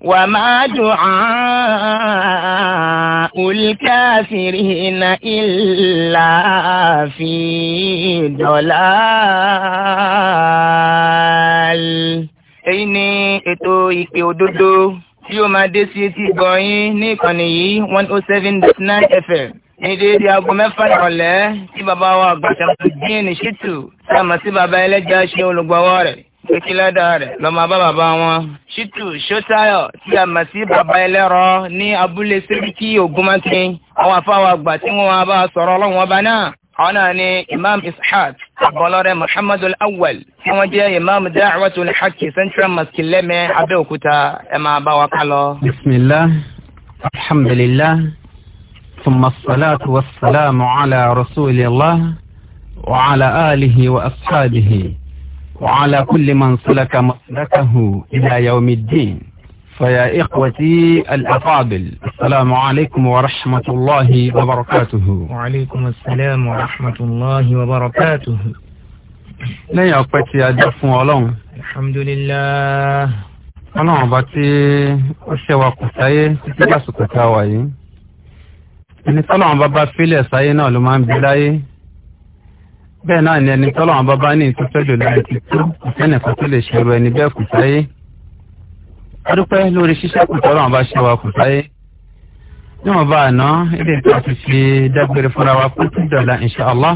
وما دعاء الكافرين إلا في ضلال èyí ni ètò ìpè òdodo tí ó máa dé sí etí oh fm ní déédéé aago mẹ́fà ìrọ̀lẹ́ tí bàbá wa àgbà Ṣàmùdíìnì Ṣítù sàmà sí bàbá ẹlẹ́jà ṣe olùgbọ́wọ́ rẹ̀ pé rẹ̀ lọ́ọ́ bá bàbá wọn ṣítù ṣótáyọ̀ tí a mọ̀ sí bàbá ẹlẹ́rọ ní abúlé sẹ́ríkì ògúnmọ́tì àwọn afáwọn àgbà tí wọ́n wá bá sọ̀rọ̀ ọlọ́run ọba náà àwọn náà ni imam ishaq abọ́lọ́rẹ́ muhammad al-awwal tí wọ́n jẹ́ imam da'watul haqq central mosque lẹ́mẹ́ abẹ́òkúta ẹ máa bá wa kálọ. bismillah alhamdulillah thumma salatu wa salamu ala rasulillah wa ala alihi wa ashabihi. وعلى كل من سلك مسلكه إلى يوم الدين فيا إخوتي الأفاضل السلام عليكم ورحمة الله وبركاته وعليكم السلام ورحمة الله وبركاته lẹ́yìn ọpẹ́ tí a dá fún ọlọ́run. alhamdulilah. ọlọ́run ọba tí ó ṣe wa kù sáyé títí lásìkò tá a wà yìí. ẹni tọ́lọ́run bá bá fílẹ̀ sáyé náà ló máa ń bí láyé bẹ́ẹ̀ náà ni ẹni tọ́lọ́ àwọn bàbá ní ìtúfẹ́ lò láì ti tó ẹnìkan tó lè ṣerú ẹni bẹ́ẹ̀ kù sáyé adúpẹ́ lórí ṣíṣẹ́ kù tọ́lọ́ àwọn bá ṣe wa kù sáyé níwọ̀n bá àná ilé ìtura ti fi dágbére fúnra wa kó tún dọ̀la inṣàlá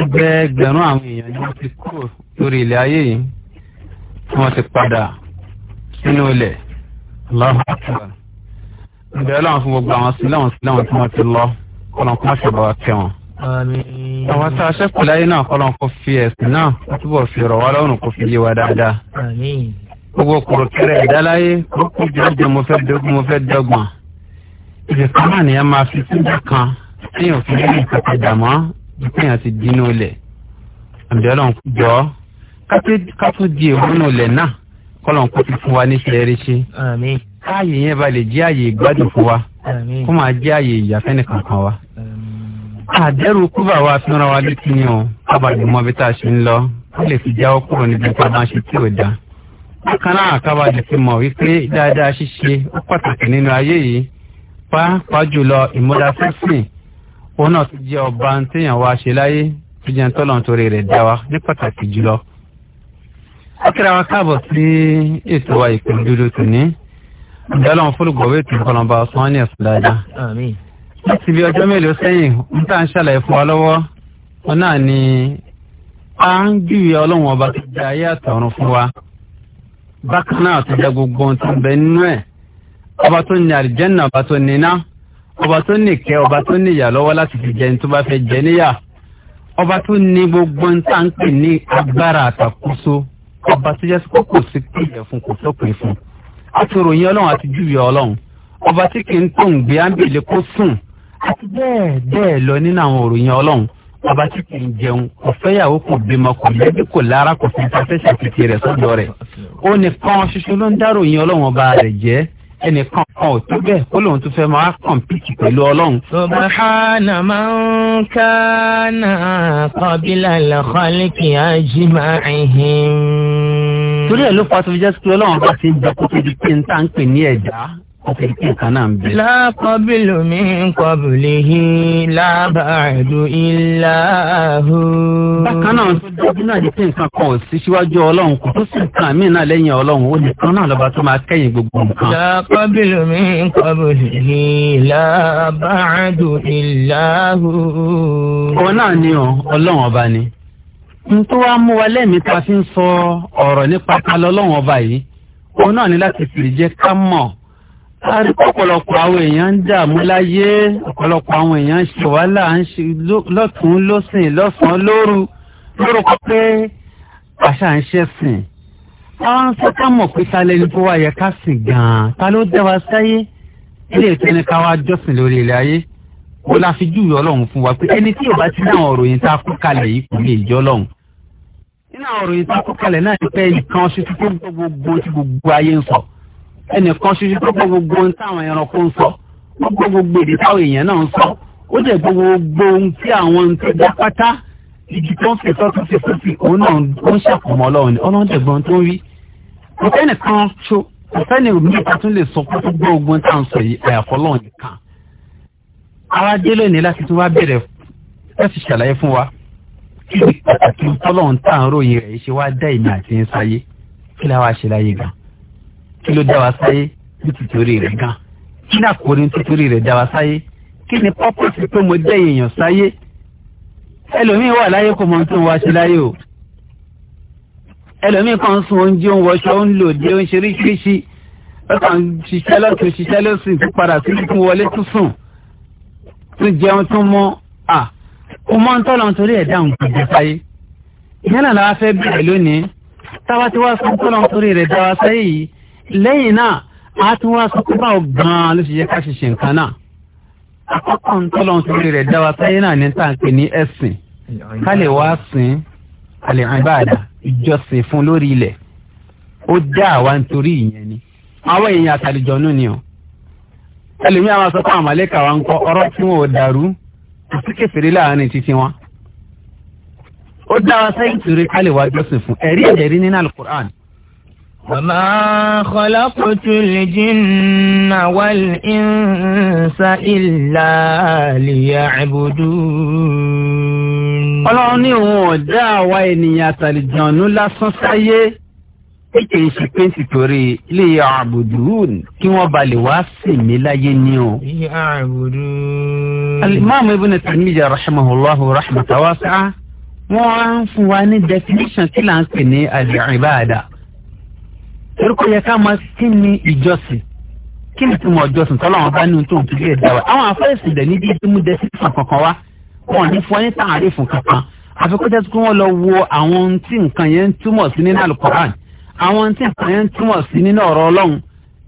ẹgbẹ́ ẹgbẹ̀rún àwọn èèyàn ni wọ́n ti kú lórí ilẹ̀ ayé yìí tí wọ́n ti padà sínú ilẹ̀ lọ́wọ́ àkàrà ìbẹ̀rẹ̀ láwọn fún gbogbo àwọn tá a ṣẹ́kù láyé náà kọ́ lọ́n kó fi ẹ̀sìn náà ó túbọ̀ fi rọ̀ wá lọ́rùn kó fi yé wa dáadáa. gbogbo kòrò kẹrẹ ìdáláyé ó kú jẹ́jẹ́ mo fẹ́ dógún mo fẹ́ dọ́gbọ̀n. ìdè kan náà nìyẹn máa fi síjà kan téèyàn fi rí ìkàtà dàmọ́ téèyàn ti dín ní olè. àbí ọlọ́run kú jọ ọ́ ká tún di èèwọ̀ ní olè náà kọ́ lọ́n kó fi fún wa ní ṣẹ́ẹ́rí ṣe. káàyè yẹn balẹ̀ jẹ́ àyè ìgbádùn fún wa kó máa jẹ́ àyè ìyàfẹ́ nìkan kan wa àdẹ́rù kúbà wa fi ràn wá létí ni o kábàdì mọ́ bí tá a ṣe ń lọ ó lè fi jáwọ́ kúrò níbi tá a máa ṣe tí ò da. bákan náà kábàdì fi mọ̀ wípé dáadáa ṣíṣe ó pàtàkì nínú ayé yìí pàápàá jùlọ ìmúdásísìn òun náà ti jẹ́ ọba téèyàn wá ṣe láyé tó jẹ́ tọ́lọ̀ nítorí rẹ̀ dá wa ní pàtàkì jùlọ. ó kíra wa káàbọ̀ sí ètò wa ìpín dúdú tòní ìdálọ́wọ̀n fúlùgbọ̀wé ìtìkọlọ́ba ọ̀sán ní ẹ̀sùn dáadáa. àmín láti bí ọjọ́ mélòó sẹ́yìn ń tà ń ṣàlàyé fún wa lọ́wọ́ wọn náà ni a ń gbìyà ọlọ́run ọba tó jẹ ayé àtọ̀run fún wa bákan náà tó jẹ gbogbo ohun tó ń bẹ nínú ẹ̀ ọba tó ní àlìjẹ́nà ọba tó níná ọba tó ní ìkẹ́ ọba tó ní ìyà lọ́wọ́ láti fi jẹni tó bá fẹ́ jẹ níyà ọba tó ní gbogbo ohun tá à ń pè ní agbára àtàkóso ọba tó jẹ́ kó kò sí pìlẹ̀ fún kò sópin fún a ọlọ́run àti júwìí ọlọ́run ọba tí kì í tó ń gbé ábìlẹ̀ kó sùn àti bẹ́ẹ̀ bẹ́ẹ̀ lọ nínú àwọn òròyìn ọlọ́run bàbá tí kì í jẹun kò kò bímọ kò lẹ́bí kò lára kò fi pàṣẹṣẹ tètè rẹ̀ sọ́dọ̀ rẹ̀ ó nìkan ṣoṣo ló ń dá ròyìn ọlọ́run ọba rẹ̀ jẹ́ ẹnìkan kan ò tó bẹ́ẹ̀ kó lóun tún fẹ́ máa kọ̀ǹpìtì pẹ̀lú ọlọ́run. subahana máa ń ká náà kọbílà lọ́kọ́lẹ́kì ajímáàhìn. torí ẹ̀ ló fa tó fi jẹ́ sí ọlọ́run bá ti ń jẹ́ kó tó di pé ń tà ń pè ní ẹ̀dá ọ̀sẹ̀ tí nǹkan náà ń bẹ. lákọ̀bílù mi ń kọ̀bùlì yìí lábàádù ìlàhù. bákan náà dájú náà di pé nǹkan kan ò sí síwájú ọlọ́run kò tó sì nǹkan míì náà lẹ́yìn ọlọ́run ó nìkan náà lọ́ba tó máa kẹ́yìn gbogbo nǹkan. Ona ni ọlọ́run ọba ni n tó wa lẹ́mìí tá a fi ń sọ ọ̀rọ̀ nípa ni láti fi jẹ́ ká mọ̀ a rí ọ̀pọ̀lọpọ̀ àwọn èèyàn ń dààmú láyé ọ̀pọ̀lọpọ̀ àwọn èèyàn ń ṣe wàhálà ń ṣe lọ́tún lọ́sìn lọ́sàn-án lóru lórúkọ pé àṣà ń ṣẹ̀sìn àwọn sọ ká mọ̀ pé ta lẹni tó wá yẹ ká sìn gan-an ta ló dẹ́ wa sáyé ilé ìtẹ́ni ká wá jọ́sìn lórí ilẹ̀ ayé wọ́n la fi júwe ọlọ́run fún wa pé ẹni tí ò bá ti dáhùn òròyìn tá a kó kalẹ̀ yìí kò lè jọ́ lọ́hùn nínú àwọn òròyìn tá a kó kalẹ̀ náà ti pẹ́ nǹkan ṣe tó gbogbo tí gbogbo ayé ń sọ̀rọ̀ ẹnìkan ṣoṣo tó gbọ́ gbogbo ohun táwọn ẹranko ń sọ ó gbọ́ gbogbo èdè táwọn èèyàn náà ń sọ ó dẹ̀ gbọ́ gbogbo ohun tí àwọn ohun tó dá pátá igi tó ń fi sọ́tù fi fúfi òun náà ó ń ṣàkómọ́ ọlọ́run ni ọlọ́run dẹ̀ gbọ́n tó ń rí kò sẹ́nìkan ṣo kò sẹ́ni mi ta tún lè sọ pé tó gbọ́ ogun tá à ń sọ yìí àyàfọ́lọ́run nìkan ara dé lónìí láti tún wá bẹ̀rẹ̀ ẹ sì ṣàlàyé fún wa kí ni pàtàkì tọ́lọ́run tá à ń ròyìn rẹ̀ ṣe wá dá ìmì àti ń sáyé kí la wá ṣe láyé gan-an kí ló dá wa sáyé nítorí rẹ̀ gan kí náà kò ní nítorí rẹ̀ dá wa sáyé kí ni pọ́pọ́sì pé mo dẹ́ èèyàn sáyé ẹlòmíì wà láyé kò mọ tó ń wá sí láyé o ẹlòmíì kan sun oúnjẹ ń wọṣọ ń lò dé ń ṣe oríṣiríṣi ó kàn ń ṣiṣẹ́ lọ́tún ṣiṣẹ́ lọ́sìn tó padà sí tún wọlé tún sùn tún jẹun tún mọ́ à kò mọ́ ń tọ́lọ́ nítorí ẹ̀dá nǹkan jẹ sáyé ìyẹn náà la wá fẹ́ bẹ̀rẹ̀ lónìí táwa ti wá sọ ń tọ́lọ́ nítorí rẹ̀ dá wa sáyé yìí lẹ́yìn náà a tún wá sọ pé báwo gan-an ló ṣe yẹ ká ṣiṣẹ́ nǹkan náà àkọ́kọ́ ń tọ́lọ́ nítorí rẹ̀ dá wa sáyé náà ní tàǹkì ní ẹ̀sìn ká lè wá sìn àlẹ́ ìbáàdà ìjọsìn fún lórí ilẹ̀ ó dá àwa nítorí ìyẹn ni àwọn èèyàn àtàlìjọ nù ni o ẹlòmí àwọn sọ fún àmàlẹ́kà wa ń kọ ọ̀rọ̀ tí wọn ò dàrú àti kẹfìrí láàrin títí wọn ó dá wa sáyé nítorí ká lè wá jọsìn fún ẹ̀rí ẹ̀rí nínú alukur'an وما خلقت الجن والإنس إلا ليعبدون ọlọ́run ní òun ò dá àwa ènìyàn àtàlìjànú lásán sáyé bí kì í ṣe pé nítorí lè àbùdùn kí wọ́n bá lè wá sinmi láyé ní o. alimami ibn Taymiyyah rahimahullahu rahmatan wasi'a wọ́n á fún wa ní definition tí là ń pè ní al-ibada orúkọ yẹ ká máa kí ni ìjọsìn kí ni túmọ̀ ìjọsìn tọ́lọ́ wọn bá ní tó ń torí ẹ̀ dá wa àwọn afẹ́rẹ́sì dẹ̀ ní dídí mú dẹ́sítàn kankan wá wọn ní fún ẹni tàn àrífún kankan àfikún jẹ́ kí wọ́n lọ wo àwọn ohun tí nǹkan yẹn ń túmọ̀ sí nínú alukoran àwọn ohun tí nǹkan yẹn ń túmọ̀ sí nínú ọ̀rọ̀ ọlọ́run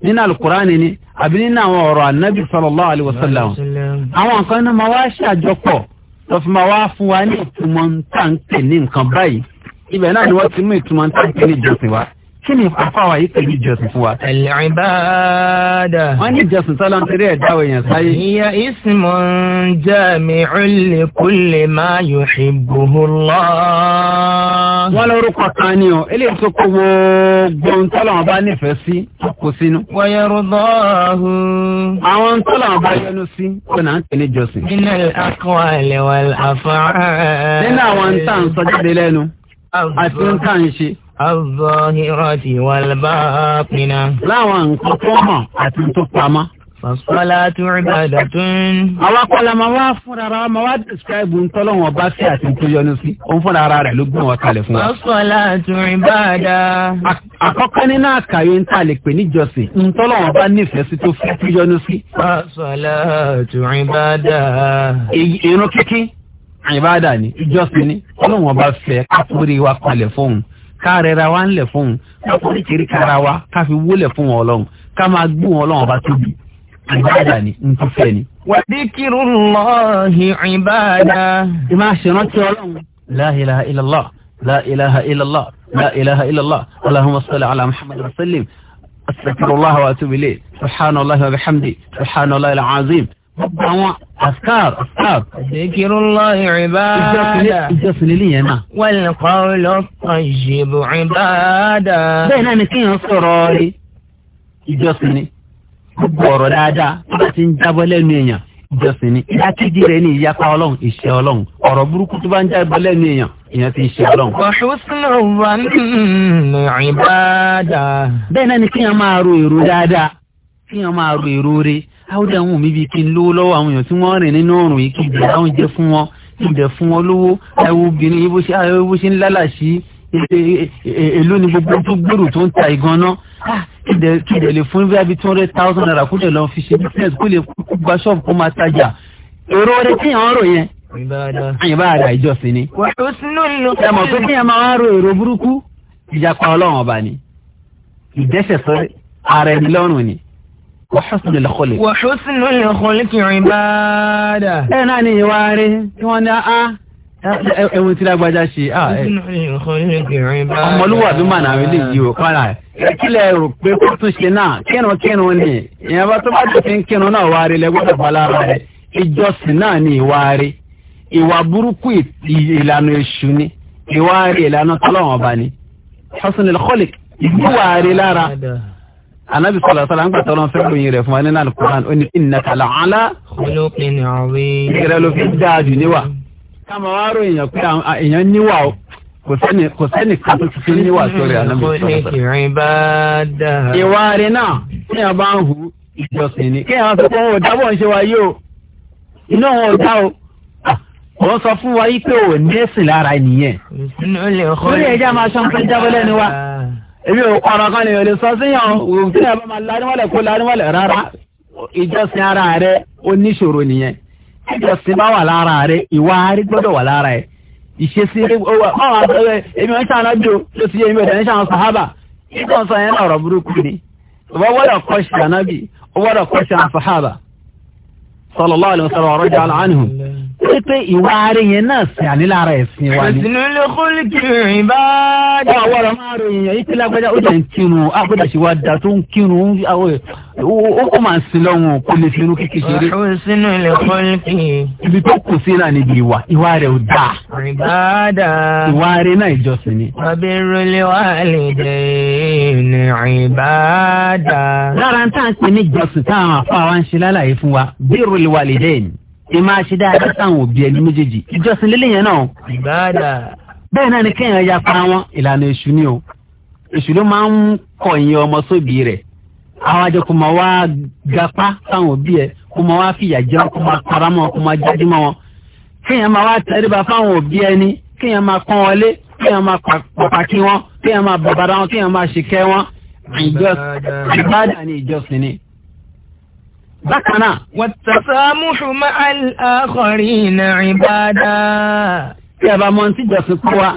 nínú alukoran ni àbí nínú àwọn ọ̀rọ̀ anabi sallallahu alaihi wasallam àwọn nǹkan náà máa wá ṣàjọpọ̀ lọ́fún máa wá fún wa ní ìtumọ̀ nǹkan náà wa kí ni àfáwà yìí pẹ̀lú ìjọsìn fún wa. al-ibada. wọ́n ní ìjọsìn sọ́lá ń tẹ́lẹ̀ ẹ̀dá èèyàn sáyé. hiya ismun jami'un li kulli ma yuhibbuhu Allah. wọ́n lórúkọ kan ni o eléyìí tó kó gbogbo ntọ́lọ́wọ́n bá nífẹ̀ẹ́ sí kó sínú. wa yardahu. àwọn ntọ́lọ́wọ́n bá yẹnu sí kó náà ń pè ní ìjọsìn. min al-aqwali wal af'al àti nǹka ń ṣe. az-zahirati wal-baatina. láwọn nǹkan tó hàn àti tó pamọ́. Fasalatu ibadatun. Àwa kọ́lá máa wá fúnra ra máa wá describe ntọ́lọ́wọ̀n bá sí àti tó yọnu sí. Ó ń fúnra ara rẹ̀ ló gbọ́n wọn kalẹ̀ fún wa. Fasalatu ibada. Àkọ́kọ́ nínú àkàyé ń tà lè pè níjọsìn. Ntọ́lọ́wọ̀n bá nífẹ̀ẹ́ sí tó fẹ́ tó yọnu sí. Fasalatu ibada. Èrò kíkín ìbáàdà ni ìjọsìn ni ọlọ́run ọba fẹ́ káfíńrì wa kalẹ̀ fóun kárẹ̀ra wa ńlẹ̀ fóun káfíńrì kiri kára wa káfí wólẹ̀ fún ọlọ́run ká máa gbó ọlọ́run ọba tóbi ìbáàdà ni nǹkan fẹ́ ni. wàdíkìrù lọ́ọ̀hì ìbáàdà. ìmáa ṣèrántí ọlọ́run. la ilaha illallah la ilaha illallah la ilaha illallah allahumma salli ala muhammad wa sallim astaghfirullah wa atubu ilayh subhanallahi wa gbogbo àwọn askar askar. zikirullah ibada. ìjọsìn lílì yẹn náà. wal qawlu tayyib ibada. bẹ́ẹ̀ náà ni kéèyàn sọ̀rọ̀ rí ìjọsìn ni gbogbo ọ̀rọ̀ dáadáa bá ti ń jábọ́ lẹ́nu èèyàn ìjọsìn ni ìdákejì rẹ̀ ní ìyapa ọlọ́run ìṣe ọlọ́run ọ̀rọ̀ burúkú tó bá ń jábọ́ lẹ́nu èèyàn èèyàn ti ṣe ọlọ́run. bẹ́ẹ̀ náà ni kéèyàn máa ro èrò dáadáa kéèyàn máa ro èrò rẹ̀ áwùdà àwọn òmí bíi kí n lówó lọ́wọ́ àwọn èèyàn tí wọ́n rìn nínú ọ̀rùn yìí kí n bẹ̀rẹ̀ àwọn jẹ́ fún wọn kí n bẹ̀rẹ̀ fún wọn lówó ẹ̀wù obìnrin yìí bó ṣe ń lálàsí èló ni gbogbo tó gbèrò tó ń ta ìgan náà ah, kí n dẹ̀ lè fún bí two hundred thousand naira kó dẹ̀ lọ fi ṣe business kó lè gba ṣọ́ọ̀bù kó máa tajà èrò rẹ̀ tí yàn rò yẹn àyìnbá àdá ìjọsìn ni. ẹ mọ̀ pé kíyàn máa ń ro èrò burúkú ìjàpá ọlọ́run ọba ni وحسن الخلق وحسن الخلق عبادة انا ني واري وانا اه ẹwọ tí ah, lágbájá ṣe ah, ọmọlúwàbí mà náà rí léyìí o kọ́ra kílẹ̀ rò pé kó tún ṣe náà kírun kírun ni ìyẹn bá tó bá tó fi ń kírun náà wá rí lẹ́gbọ́dọ̀ balára rẹ̀ ìjọsìn náà ni ìwà rí ìwà burúkú ìlànà èṣù ni ìwà rí ìlànà tọ́lọ́wọ̀n ọba ni hasanil kọ́lì ìwà rí lára anabi sọlá sọlá ń gbàtọ́ lọ́n fẹ́ lóyìn rẹ̀ fún wa nínú alukuran ó ní innaka la'ala. olókìní ọ̀rẹ́. ìrẹ́ ló fi dáa jù níwà. káma wá rò èèyàn pé èèyàn níwà o kò sẹ́ni kò sẹ́ni kan tó ti níwà sórí anabi sọlá sọlá. ìwà rẹ̀ náà kí ẹ̀ bá ń hu ìjọsìn ni kí sọ pé òun dábọ̀ ń ṣe wa yìí o iná wọn ò dá o wọ́n sọ fún wa yìí pé òun ní èsì lára nìyẹn. lórí ẹja máa ṣan pé jábọ́ lẹ́nu wa èmi ò ọ̀rọ̀ kan nìyẹn lè sọ síyàn òun tí yàrá máa lánìwọ̀lẹ̀ kó lánìwọ̀lẹ̀ rárá ìjọsìn ara rẹ oníṣòro nìyẹn ìjọsìn bá wà lára rẹ ìwà arí gbọ́dọ̀ wà lára ẹ ìṣesí ọwọ́ àwọn àtọ́wẹ́ èmi ò ń ṣàánà jò ló ti yé èmi ò dẹ̀ ń sàhábà ìtàn sọ yẹn náà burúkú ni ọwọ́ gbọ́dọ̀ torí pé ìwà ara yẹn náà sì ànílára ẹ̀sìn wa ni. ẹ̀sìn ló kó lè bá a dà. ọ̀rọ̀ máa ro èèyàn yìí lágbájá ó jẹ́ ń kírun àgbẹ̀dà sì wá da tó ń kírun ó máa ń sin lọ́hùn kó lè fi irun kíkì ọ̀hún sínú ilẹ̀ kó lè kiri. ibi tó kù sí náà níbi ìwà ìwà rẹ̀ ò dáa. ìbáàdà. ìwà rẹ̀ náà ìjọsìn ni. abirulẹ̀ wà ìbáàdà. lára ń tàn ẹ máa ṣe dáadáa sáwọn òbí ẹni méjèèjì ìjọsìn líle yẹn náà. ìbáàdà. bẹ́ẹ̀ náà ni kéèyàn ya para wọn ìlànà èṣù ni o èṣù ló máa ń kọ̀yìn ọmọ sóbì rẹ̀ àwọn àjọ kò máa wá gapá sáwọn òbí ẹ kò máa wá fìyà jẹ kò máa para mọ́ kò máa jáde mọ́ wọn kéèyàn máa wá tẹríba fáwọn òbí ẹni kéèyàn máa pọ́n wọlé kéèyàn máa pàpàkì wọn kéèyàn máa bàbàrà wọn kéèyàn máa ṣìkẹ́ wọn ìjọsìn ni ìjọsìn bákan náà. wàtàfàmùhù máa ń àkọrí iná ìbádà. tí a bá mọ ti jọ̀sìn kú wa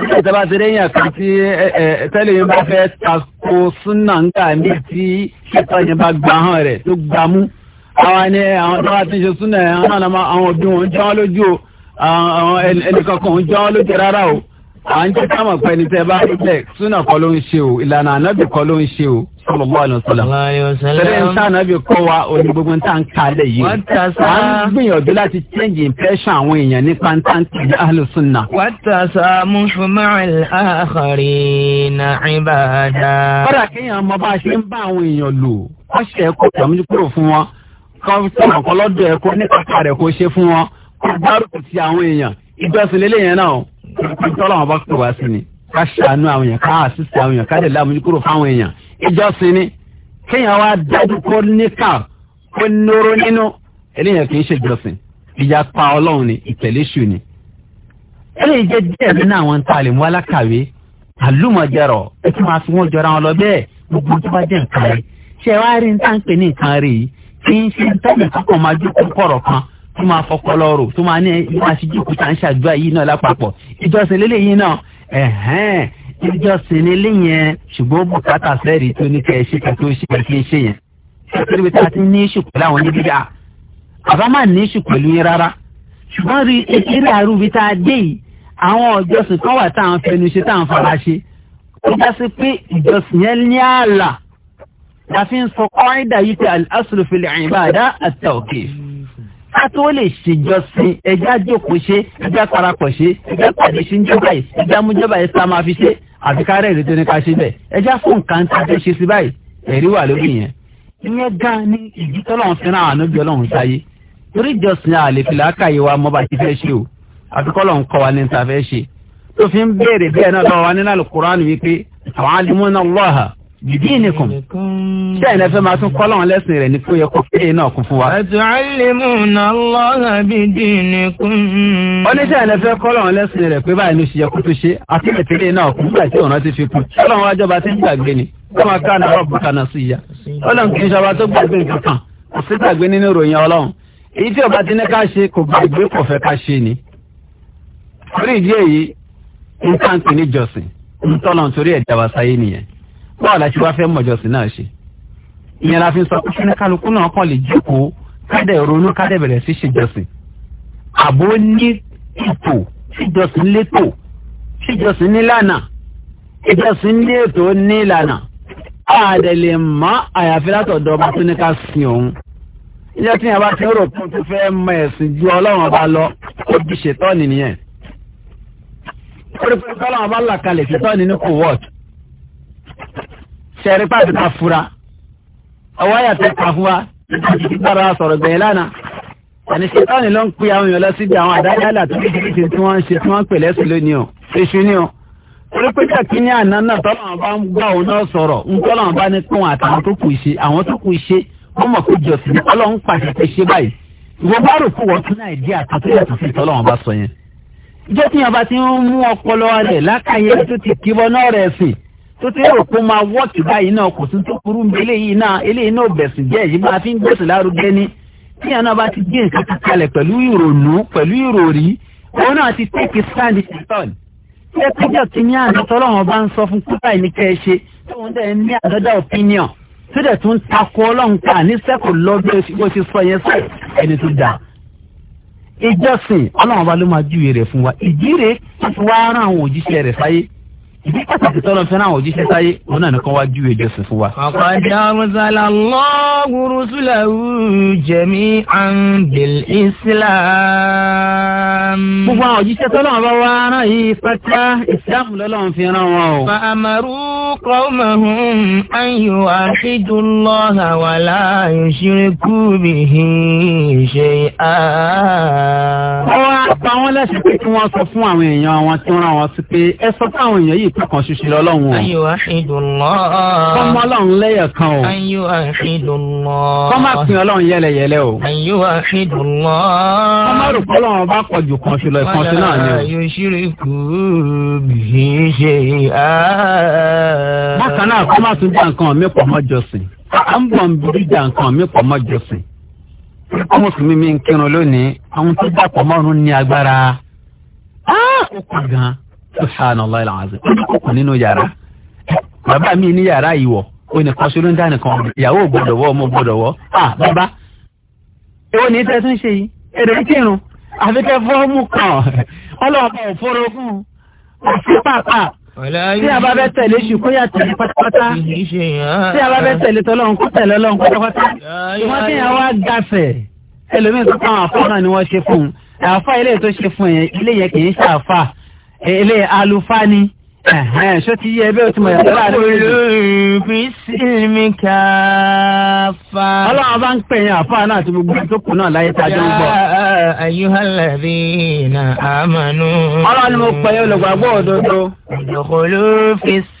nígbà tí a bá ti rí èèyàn kan tí tẹ́lẹ̀ yín bá fẹ́ takò súnà ńgbà mí tí ṣètò yẹn bá gbà hàn rẹ̀ tó gbámú. àwọn ni àwọn tó bá ti ṣe súnà yẹn àwọn òbí wọn jẹ́ wọn lójú o àwọn jẹ́ wọn lójú rárá o à ń jẹ́ ká mọ̀ pé ní tẹ́ bá rí bẹ́ẹ̀ súnà kọ́ ló ń ṣe o ìlànà ànábì kọ́ ló ń ṣe o sallallahu alaihi tẹ́lẹ̀ ń tá ànábì kọ́ wa òní gbogbo ń tà ń yìí. wọ́n à ń gbìyànjú láti change impression àwọn èèyàn nípa ń tà ń tẹ̀lé ahlu sunna. wọ́n ta kọ́dà kéèyàn mọ bá a ṣe ń bá àwọn èèyàn lò wọ́n ṣe ẹ̀kọ́ tàbí kúrò fún wọn kọ́ tọ́lá wọn bá pè wá sí ni ká ṣàánú àwọn èèyàn ká àṣìṣe àwọn èèyàn ká lè láàmújú kúrò fáwọn èèyàn ìjọsìn ni kéèyàn wá dájú kó níkà kó nóró nínú eléyàn kì í ṣe ìjọsìn ìyapa ọlọ́run ni ìtẹ̀lé ṣù ni. eléyìí jẹ́ díẹ̀ nínú àwọn tá a lè mú alákàwé àlùmọ̀jẹ̀rọ̀ ẹ ti máa fi wọ́n jọra wọn lọ bẹ́ẹ̀ gbogbo tó bá jẹ́ nǹkan rẹ̀ ṣé wàá rí nǹkan pè ní nǹkan rẹ̀ yìí kì í ṣe tẹ́lẹ̀ kọ́kọ́ máa tó máa fọpọlọ rò tó máa ní máa ṣe jókòó tá à ń ṣàdúrà yìí náà lápapọ̀ ìjọsìn lélẹ́yìn náà ẹ̀hẹ́n ìjọsìn lélẹ́yìn yẹn ṣùgbọ́n bùkátà sẹ́ẹ̀rì tó ní kẹ́ ẹ ṣe kẹ́ tó ṣe kẹ́ kí ẹ ṣe yẹn. ṣètò ìta ti ní ìṣù pẹ̀lú àwọn oníbi dá àbá máa ní ìṣù pẹ̀lú yín rárá ṣùgbọ́n rí eré àrùbí tá a dé yìí àwọn ìjọsìn kan wà tá à ń fẹnu ṣe tá à ń fara ó já sí pé ìjọsìn yẹn ní ààlà la fi ń sọ kọ́ńdà yìí pé al-aslu fil ibada at ká tó lè ṣèjọsìn ẹja jókòó ṣe ẹja parapọ̀ ṣe ẹja pàdé sí njọba yìí ẹja mújọba yìí sá máa fi ṣe àfi ká rẹ̀ ètò nípa ṣe bẹ́ẹ̀ ẹja fún nǹkan tá a fẹ́ ṣe sí báyìí ẹ̀rí wà lórí yẹn. ìyẹn gan ni ìdí tọ́lọ́run fi ràn àánú bí ọlọ́run sáyé torí ìjọsìn àlè fìlà káyé wa mọ́ba ti fẹ́ ṣe o àfi kọ́lọ́run kọ́ wa ní ta fẹ́ ṣe tó fi ń béèrè bẹ́ẹ̀ náà dìdí nìkan ṣé ẹ̀yin ẹ̀fẹ́ máa tún kọ́lọ́run lẹ́sìn rẹ̀ ní kó yẹ kó kéyìn náà kún fún wa. àtúnlẹ̀mùnà lọ́la bìdí nìkan. ó ní ṣé ẹ̀yin ẹ̀fẹ́ kọ́lọ́run lẹ́sìn rẹ̀ pé báyìí ló ṣe yẹ kó tó ṣe àti ìtẹ̀lé náà kún nígbà tí ọ̀nà ti fi kún kọ́lọ́run wájọba ti ń gbàgbé ni kó máa ká náà rọ̀bù kaná sí ìyá ọlọ́run kì í ṣọba ni. orí ìdí èyí ń tàǹtì níjọsìn ń báwo la ṣe wá fẹ́ mọ̀jọ́sìn náà ṣe ìyẹn la fi sọ pé kí kálukú náà kàn lè jókòó kádẹ ronú kádẹ bẹ̀rẹ̀ sí ṣèjọ́sìn àbó ní ètò ṣèjọ́sìn létò ṣèjọ́sìn nílànà ìjọ́sìn ní ètò nílànà àdè lè mọ àyàfi látọ̀dọ̀ ọba tó ní ká sin òun ilé tí yẹn bá ti ń rò pé tó fẹ́ mọ ẹ̀sìn ju ọlọ́run ọba lọ ó di ṣètọ́ nìyẹn ó pé ọlọ́run sẹ́rí pàtó ta fura ọwọ́ yàtọ̀ ta fún wa gbára sọ̀rọ̀ gbẹ̀yìn lánàá ẹni ṣètọ́ni ló ń pè àwọn èèyàn lọ síbi àwọn àdáyàlà tó ti tí wọ́n ń ṣe tí wọ́n ń pè lẹ́sùn lónìí o èṣù ni o orí pé kàkíní àná náà tọ́lọ́wọ́n bá ń gbà òun náà sọ̀rọ̀ ń tọ́lọ́wọ́n bá ní kún àtàwọn tó kù ṣe àwọn tó kù ṣe wọ́n mọ̀ pé jọ̀sìn ọlọ́run pàṣẹ pé ṣe báyìí ìwọ bá rò pé wọ́n tún náà dí àtàtúnyà yàtọ̀ sí tọ́lọ́wọ́n bá sọ yẹn. ìjọ́ tí ti ń mú ọpọlọ rẹ̀ lákàyè tó ti kíbọ náà rẹ̀ sìn tó ti rò kó máa wọ́ọ̀tì báyìí náà kò tún tó burú bí eléyìí náà eléyìí náà bẹ̀sùn jẹ́ èyí máa fi ń gbèsè lárugẹ ni tíyẹn náà bá ti gbé nǹkan ti kalẹ̀ pẹ̀lú ìrònú pẹ̀lú ìròrí òun náà ti tẹ́kì sáàdì tìtọ́ọ̀nì tí ẹ péjọ ti ní àná tọ́lọ́run bá ń sọ fún kúta ìní kẹ́ ẹ ṣe tóun dẹ̀ ní àdọ́dá opinion tó dẹ̀ tún takò ọlọ́run ká ní sẹ́kù lọ́dún ìdí pàtàkì tọ́lọ́ fẹ́ náà òjíṣẹ́ sáyé òun náà nìkan wá ju ìjọsìn fún wa. ọ̀kadà musala lọ́ọ̀gù rúṣùlẹ̀wù jẹ̀mí àǹdìl islam. gbogbo àwọn òjíṣẹ́ tọ́lọ́ bá wá rán yìí pátá ìsìlámù lọ́lọ́run fi rán wọn o. fàmàrú kọ́mọ̀hún ayò àṣìdúlọ́hà wà láàyò ṣíríkù mi ṣe á. wọ́n wá lẹ́sìn pé kí wọ́n sọ fún àwọn èèyàn wọn tí wọ́n rán wọn sí pé ẹ sọ fún àwọn èèyàn yìí ìtọ́kàn ṣoṣo lọ́lọ́run o. ayò àṣìdùnlọ́. kọ́mọ ọlọ́run lẹ́yẹ̀ kan o. ayò àṣìdùnlọ́. kọ́mọ àpín ọlọ́run yẹlẹyẹlẹ o. ayò àṣìdùnlọ́. kọ́mọ àrùkọ́ ọlọ́run bá pọ̀ ju kan ṣùlọ ìkan sí náà ni o. ayò ṣírìkù bì í ṣe á. bákan náà kọ́mọ tún dá nǹkan mi pọ̀ mọ́jọ́sìn. à ń bọ̀ ń bí dá mi pọ̀ mọ́jọ́sìn. ọmọ subhanallah alazim kò nínú yàrá bàbá mi ní yàrá ìwọ o ní kọsí ló ń dání kan ìyàwó gbọ́dọ̀ wọ ọmọ gbọ́dọ̀ wọ à bàbá èwo ní tẹ tún ṣe yìí èrè ń kírun àfi kẹ fọọmù kan ọlọpàá òfòrò fún un àti pàápàá tí a bá fẹ́ tẹ̀lé ṣù kó yà tẹ̀lé pátápátá tí a bá fẹ́ tẹ̀lé tọ́lọ́run kó tẹ̀lé ọlọ́run pátápátá wọ́n ti yàn wá gafẹ̀ ẹlòmíràn tó kọ́ àwọn náà ni wọ́n ṣe fún un àfọ́ ilé tó ṣe fún yẹn ilé yẹn kì í ṣe àfà ilé àlùfáà ni ṣé ti yẹ bẹ́ẹ̀ tí mo yàtọ̀ láàrin ìlú. olùbí sílmi ká fa. ọlọ́run bá ń pè yín àfa náà àti gbogbo tó kù náà láyé tájú ń bọ̀. ayúhàlàbí na àmàlú. ọlọ́run mo pè é olùgbàgbọ́ òdodo. ìdókòló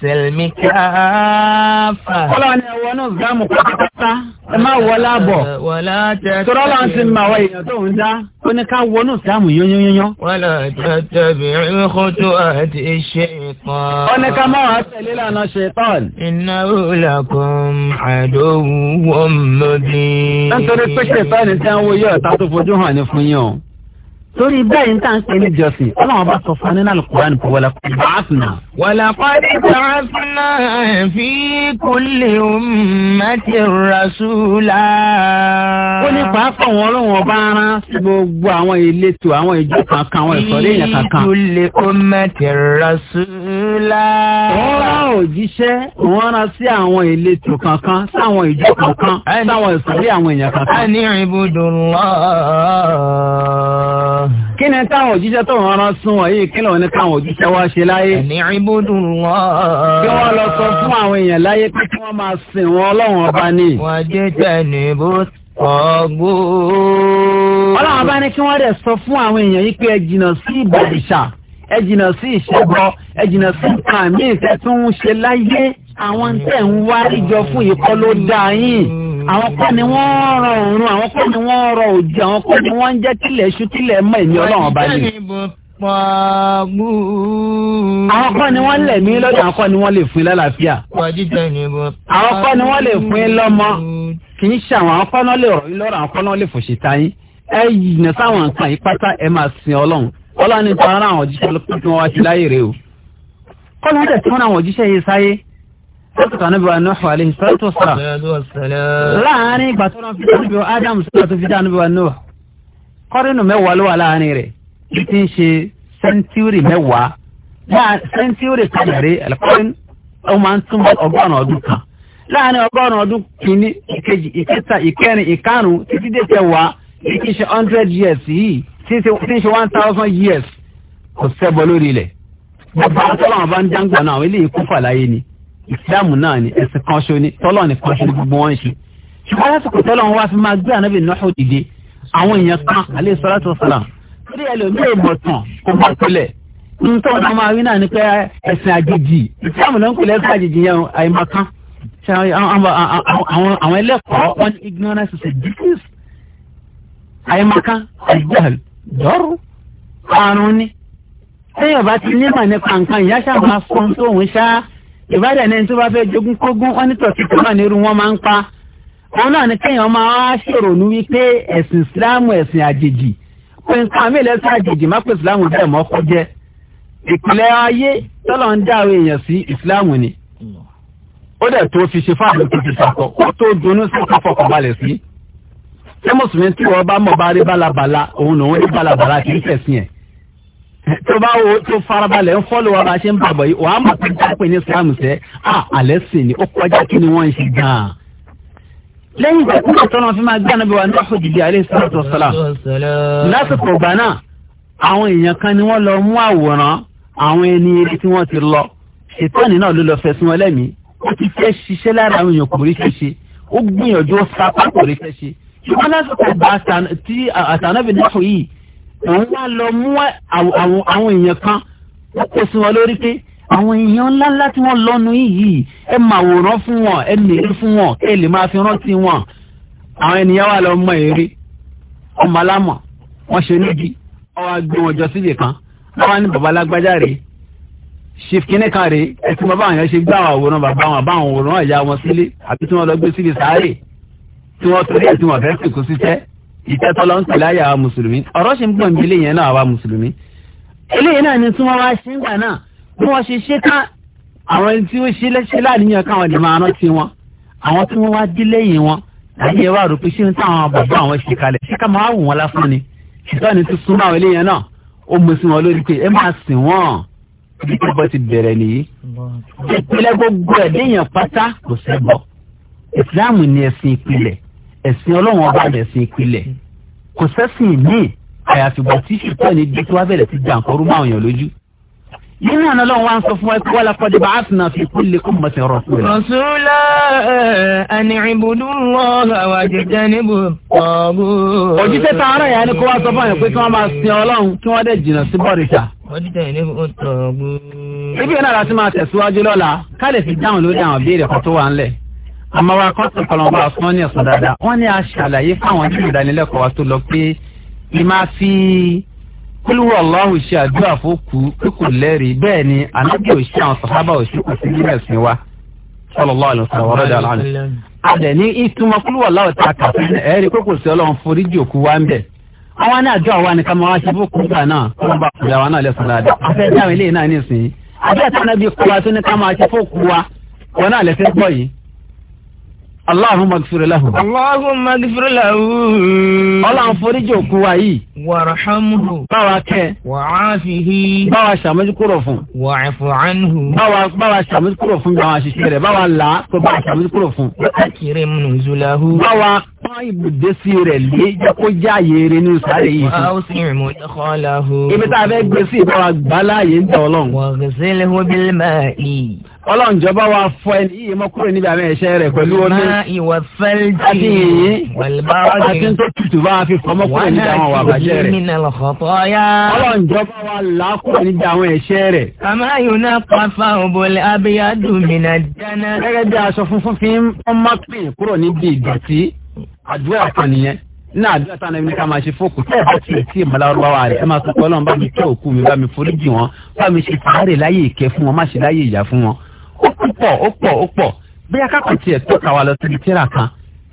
sílmi ká fa. ọlọ́run ni ẹ̀wọ̀n náà pátápátá ẹ má wọlé àbọ̀. wọlá tẹ tẹ tọrọ lọ sí ma wọ èèyàn tó ń dá ó ní ká wọnú sáàmù yányányán. wọlá tẹ tẹ bìrì kótó àti iṣẹ́ ìp ṣẹ̀tàn. ó ní ká má wàá tẹ̀lé lànà ṣẹ̀tàn. iná òòlà kan àdóhùn wọ́n mọ́ bí. nítorí pé ṣẹ̀tàn ni tí wọ́n yọ̀ tá tó fojú hàn ní fún yín o torí bẹ́ẹ̀ ní tá à ń pè ní jọ́sìn ọlọ́run bá sọ fún nínú alukurani kò wọlé kò bá a sinna. wàlà kọ́ni tààfínà fi kulli ummati rasúlà. ó ní pàápàá wọn ọlọ́run ọba ara sí gbogbo àwọn ìletò àwọn ìjọ kankan àwọn ìsọ̀rí èèyàn kankan. fi kulli ummati rasúlà. wọ́n rán òjíṣẹ́ wọ́n rán sí àwọn ìletò kankan sáwọn ìjọ kankan sáwọn ìsọ̀rí èèyàn kankan. a ní ibùdó lọ́ọ̀ kí ni táwọn òjíṣẹ́ tó ń rán sún wọ̀nyí kí lóun táwọn òjíṣẹ́ wá ṣe láyé. ẹni ibùdó wọn. kí wọ́n lọ sọ fún àwọn èèyàn láyé pé kí wọ́n máa sìn wọn ọlọ́run ọba ni. wọ́n jẹ́ ní bó ọgbó. ọlọ́run ọba ní kí wọ́n rẹ̀ sọ fún àwọn èèyàn yìí pé ẹ jìnnà sí ìbàdìṣà ẹ jìnnà sí ìṣẹ́bọ ẹ jìnnà sí àmì ìtẹ́tún ṣe láyé àwọn tẹ̀ ń wá ìjọ fún ìkọ́ ló àwọn kọ́ ni wọ́n rọ òórùn àwọn kọ́ ni wọ́n rọ òjì àwọn kọ́ ni wọ́n ń jẹ́ kílẹ̀ ṣú kílẹ̀ mọ́ ẹ̀mí ọlọ́run ọba ni. àwọn kọ́ ni wọ́n lẹ̀ mí lọ́dọ̀ àwọn kọ́ ni wọ́n lè fún lálàáfíà. àwọn kọ́ ni wọ́n lè fún lọ́mọ kì í ṣe àwọn kọ́ náà lè rọ̀ yín lọ́rọ̀ àwọn kọ́ náà lè fòṣìta yín ẹ yìnà sáwọn nǹkan yìí pátá ẹ máa sin ọlọ́run ọlọ́run ní tàwọn àwọn òjíṣẹ́ lọ́pọ̀ tí wọ́n wá sí láyé rè o kọ́ ló ń tẹ̀síwọ́n àwọn òjíṣẹ́ yìí sáyé lásìkò ànábì wa Nuhu alayhi salatu wa salam láàárín ìgbà tó rán fi ànábì wa Adam sílẹ̀ tó fi dá ànábì wa Nuhu kọ́rínù mẹ́wàá ló wà láàárín rẹ̀ bí ti ń ṣe sẹ́ńtúrì mẹ́wàá náà sẹ́ńtúrì kàdàrí ẹ̀lẹ́kọ́rín ó máa ń túmọ̀ ọgọ́rùn-ún ọdún kan láàárín ọgọ́rùn ọdún kìíní ìkejì ìkẹta ìkẹrin ìkarùn títí dé tẹwàá èyí ti ṣe hundred years yìí tí ń ṣe one thousand years kò sẹ́bọ̀ lórí ilẹ̀ bàbá àtọ́lọ́wọ́n bá ń dáńgbà náà àwọn eléyìí kú fàlàyé ni ìsìlámù náà ni ẹ̀sìn kan ṣo ni tọ́lọ́ nìkan ṣe gbogbo wọn ṣe ṣùgbọ́n lásìkò tọ́lọ́ wọn wá fi máa gbé ànábì Nuhu dìde àwọn èèyàn kan alẹ́ sọ́láṣí ọ̀sán lórí ẹlòmíì mọ̀tàn kò mọ̀ sílẹ̀ nítorí wọn máa rí náà ni pé ẹ̀sìn àjèjì ìsìlámù ló ń pè lẹ́sìn àjèjì yẹn àìmọ̀kan àwọn ẹlẹ́kọ̀ọ́ wọn ignorance is a disease àìmọ̀kan àìjẹ́ dọ́rù àrùn ni téèyàn bá ti nímọ̀ nípa nǹkan ìyá ṣáà máa fọ́n tóun ṣáà ìbádà ní ẹni tó bá fẹ́ jogún kógún wọn nítorí títí náà ní irú wọn máa ń pa òun náà ni kéèyàn máa ṣèrònú wípé ẹ̀sìn ìsìláàmù ẹ̀sìn àjèjì pé nǹkan àmì ìlẹ́sìn àjèjì má pè ìsìláàmù bẹ́ẹ̀ mọ́ kó jẹ́ ìpìlẹ̀ ayé tọ́lọ̀ ń dá àwọn èèyàn sí ìsìláàmù ni ó dẹ̀ tó fi ṣe fáàlù tó ti sàkọ́ ó tó dunú sí kó fọkànbalẹ̀ sí ṣé mùsùlùmí tí wọ́n bá mọ̀ bá rí bálabàla òun tó bá wo tó farabalẹ̀ ń fọ́lọ̀ wa bá ṣe ń bàbọ̀ yìí wàá mọ̀ pé dápẹ́ ní islam sẹ́ à àlẹ́ sìn ni ó kọjá kí ni wọ́n ń ṣe gan-an. lẹ́yìn ìgbà tí wọ́n tọ́nà fi máa gbé ànábì wa ní ọ̀hún jìjì alẹ́ sàlátù sàlám lásìkò ìgbà náà àwọn èèyàn kan ni wọ́n lọ mú àwòrán àwọn ẹni eré tí wọ́n ti lọ ṣètọ́ni náà ló lọ fẹ̀sùn wọn lẹ́mìí ó ti fẹ́ ṣiṣẹ́ lára àwọn èèyàn kò rí òun wá lọ mú àwọn èèyàn kan wọ́n kó sí wọn lórí pé àwọn èèyàn ńláńlá tí wọ́n lọ́nu yìí ẹ máa wòrán fún wọn ẹ mèrè fún wọn kẹ́ ẹ lè máa fi rántí wọn àwọn ènìyàn wà lọ mọ èrè ọmọ alámọ̀ wọ́n ṣe níbi ọwọ́ agbé wọn jọ síbì kan wọ́n wá ní bàbá alágbájá rèé ṣìfìkínní kan rèé ẹtí mo bá àwọn yẹn ṣe gbá àwọn àwòrán bàbá wọn àbá àwòrán ìyá wọn sílé àbí tí wọ́n lọ gbé síbi sáré tí wọ́n torí ẹ̀ tí wọ́n fẹ́ sìnkú síṣẹ́ ìtẹ́tọ́lọ́ ń pèlè àyà mùsùlùmí ọ̀rọ̀ ṣe ń pọ̀ níbi eléyìí náà àwa mùsùlùmí eléyìí náà ni tí wọ́n wá ṣe ń gbà náà bí wọ́n ṣe ṣe ká àwọn tí ó ṣe léṣe láàníyàn káwọn lè máa rántí wọn àwọn tí wọ́n wá dé lẹ́yìn wọn láyé wa rò pé ṣé ń táwọn bàbá àwọn ṣe kalẹ̀ ṣé ká máa wù wọn lásán ni ṣùgbọ́n ní tuntun máa wọlé yẹn náà ó mú sí wọn lórí pé ẹ máa sìn wọ́n bí ẹbọ ti bẹ̀rẹ̀ nìyí ìpìlẹ̀ gbogbo ẹ̀dẹ́yìn pátá kò sẹ́bọ̀ ìsìláàmù ni ẹ̀sìn ọlọ́run ọba lẹ̀sìn ìpìlẹ̀ kò sẹ́sìn míì àyàfi bọ̀ tí ṣùgbọ́n ní bí tí wọ́n bẹ̀rẹ̀ sí jàǹkọ́rú máa yàn lójú. nínú àná lọ́wọ́ wa ń sọ fún wa pé wàlá kọ́dé bá a sì náà fi kú lè kó mọ̀tẹ́ ọ̀rọ̀ sí rẹ̀. rọ̀ṣúlá àní ìbùdó wọn àwọn àjẹjẹ níbo ọ̀gbọ́. òjíṣẹ́ ta ara yà ni kó wá sọ fún àyàn pé kí wọ́n máa sin ọlọ́run kí wọ́n dẹ̀ jìnnà sí bọ́rìṣà. ibi náà láti máa tẹ̀síwájú lọ́la ká lè fi dáhùn lórí àwọn àmọ́ wa kọ́ tó kọ́lọ́mọ́ bá fún ọ ní ẹ̀sùn dáadáa wọ́n ní aṣàlàyé fáwọn nínú ìdánilẹ́kọ̀ọ́ wa tó lọ pé ì máa fi kúlúwọ̀ ọlọ́hùn ṣe àdúrà fókù kíkù lẹ́rìí bẹ́ẹ̀ ni ànábì òṣì àwọn sàhábà òṣì kò sí nínú ẹ̀sìn wa sallallahu alaihi wasallam ọ̀rọ̀ dàrú àná. àdẹ̀ ní ìtumọ̀ kúlúwọ̀ ọlọ́hùn ta kàfẹ́ ẹ̀rí pé kò sí ọlọ́run forí jòkú wá ń bẹ̀. àwọn náà àdúrà wa ni ká máa wá ṣe fókù gbà náà kó wọn bá kùdà wa náà lẹ́sùn dáadáa. afẹ́ Allahumma gfir lahu. Allahumma gfir lahu. Ọlọ́run foríjì òkú wa yìí. Wàrhamhu. Báwa kẹ́. Wàáfihi. Báwa ṣàmójúkúrò fún. Wàáfu anhu. Báwa báwa ṣàmójúkúrò fún bí àwọn àṣìṣe rẹ̀ báwa là á kó báwa ṣàmójúkúrò fún. Akiri nuzulahu. Báwa pọ́n ibùdó sí rẹ̀ lé jẹ́ kó já yeere ní sáré yìí. Wàá ó sì rìn mọ́ ìdíkọ́ ọlọ́run jọba wa fọ ẹni yìí mọ́ kúrò níbi àwọn ẹ̀ṣẹ̀ rẹ̀ pẹ̀lú omi àti yìnyín àti tó tutù bá a fi fọ kúrò níbi àwọn wà bàjẹ́ rẹ̀ ọlọ́run jọba wa là á kúrò níbi àwọn ẹ̀ṣẹ̀ rẹ̀. kàmá yóná pàfà òbólẹ̀ abiyadu mina dáná. gẹ́gẹ́ bí aṣọ funfun fi ń mọ́ pín kúrò níbi ìdọ̀tí àdúrà kan nìyẹn náà àdúrà táwọn ẹni ká máa ṣe fókù tẹ́ ẹ bá tiẹ̀ tí ìmọ̀láwọ́ wa rẹ̀ ẹ máa sọ pé ọlọ́run bá mi tẹ́ òkú mi bá mi foríjì wọn bá mi ṣe fàárẹ̀ láyé ìkẹ́ fún wọn má ṣe láyé ìyà fún wọn ó pọ̀ ó pọ̀ ó pọ̀ bí akápò tiẹ̀ tó kà lọ síbi tíra kan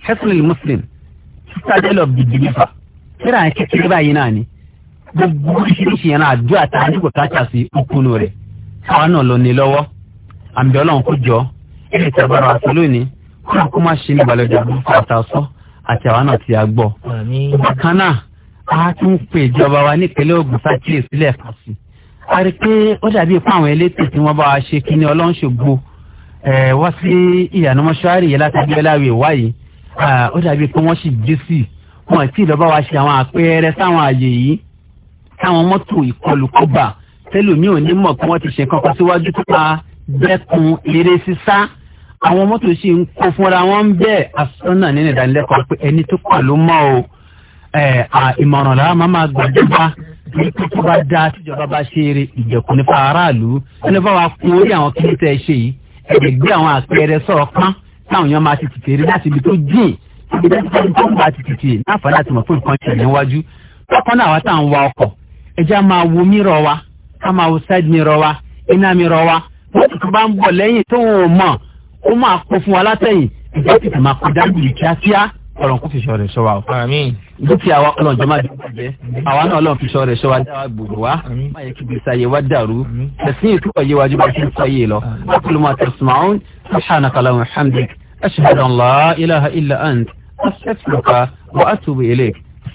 heflin muslim citadel of the believer tíra yẹn kékeré báyìí náà ni gbogbo oríṣiríṣi yẹn náà àjọ àti àdúgbò káàkiri sí okunu rẹ̀ káwa náà lọ ní lọ́wọ́ àmì ọlọ́run kò jọ ilé ìtàbára àti lónìí kúrò kó má ṣe nígbàlódé àbúkọ àtàwọsọ àti àwa náà ti àgbọ. bákan náà a tún pè ìjọba wa nípínlẹ̀ Ògùn sákìlì sílẹ̀ a rí i pé ó dàbí ipá àwọn elétò tí wọ́n bá wa ṣe kí ni ọlọ́run ṣògbó ẹ̀ wá sí ìyànà mọ́ṣúárì yẹn láti gbé láwìí wáyìí ó dàbí pé wọ́n sì jí sí wọn tí ìlọ́ba wa ṣe àwọn àpẹẹrẹ sáwọn àyè yìí táwọn mọ́tò ìkọlùkọbà tẹlómi ò ní mọ̀ pé wọ́n ti ṣe kankan síwájú tó pa dẹ́kun eré sísá àwọn mọ́tò sì ń kó fúnra wọn bẹ́ẹ̀ asọ́nà nínú ìdánilẹ́kọ̀ọ́ pé ẹni tó kọ̀ ló mọ̀ o ìmọ̀ràn làwọn máa máa gbàjọba ní kíkú bá dá tíjọba bá ṣe eré ìjẹ̀kùn nípa aráàlú ẹni bá wa kún orí àwọn kí ní tẹ́ ṣe yìí ẹ̀jẹ̀ gbé àwọn àpẹẹrẹ sọ̀rọ̀ pán táwọn èèyàn máa ti tètè rí láti ibi tó jìn ibi tó jìn tó ń bá ti tètè láǹfààní àti mọ̀ fún nǹkan ṣẹlẹ̀ níwájú lọ́kàn náà wá táwọn wa ọkọ̀ ẹja máa wo mírọ̀ wa ká máa wo side mírọ̀ wa iná mírọ̀ wa wọ́n ti bá ń bọ̀ lẹ́yìn tó ń mọ̀ ó máa kó fún wa látẹ̀yìn ìjọ́ tètè máa kọjá lù kíákíá ọlọ́run kò fi sọ rẹ̀ sọ wa o. dúkìá wa ọlọ́run jọmọ àti ìbàjẹ́ àwa náà ọlọ́run fi sọ rẹ̀ sọ wa dáwà gbogbo wa má yẹ kí gbèsè ayé wa dàrú ẹ̀sìn ètò ọ̀yẹ́ wa jọba kí n sọ yé lọ. akulu ma tasma'un subhanaka allahumma hamdik ashhadu an la ilaha illa ant astaghfiruka wa atubu ilayk.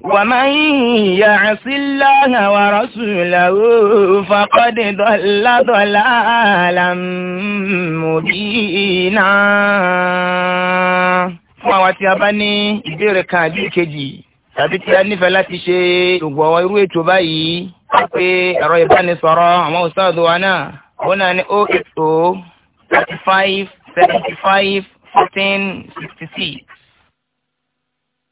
ومن يعص الله ورسوله فقد ضل ضلالا مبينا fún àwa tí a bá ní ìbéèrè kan àbí ìkejì tàbí tí a nífẹ̀ẹ́ láti ṣe ìgbọ̀wọ́ irú ètò báyìí pé ẹ̀rọ ìbánisọ̀rọ̀ àwọn òṣèlú wa náà ó náà ní 080 35 75 14 66.